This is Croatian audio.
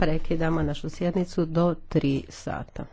Prekidamo našu sjednicu do 3 sata.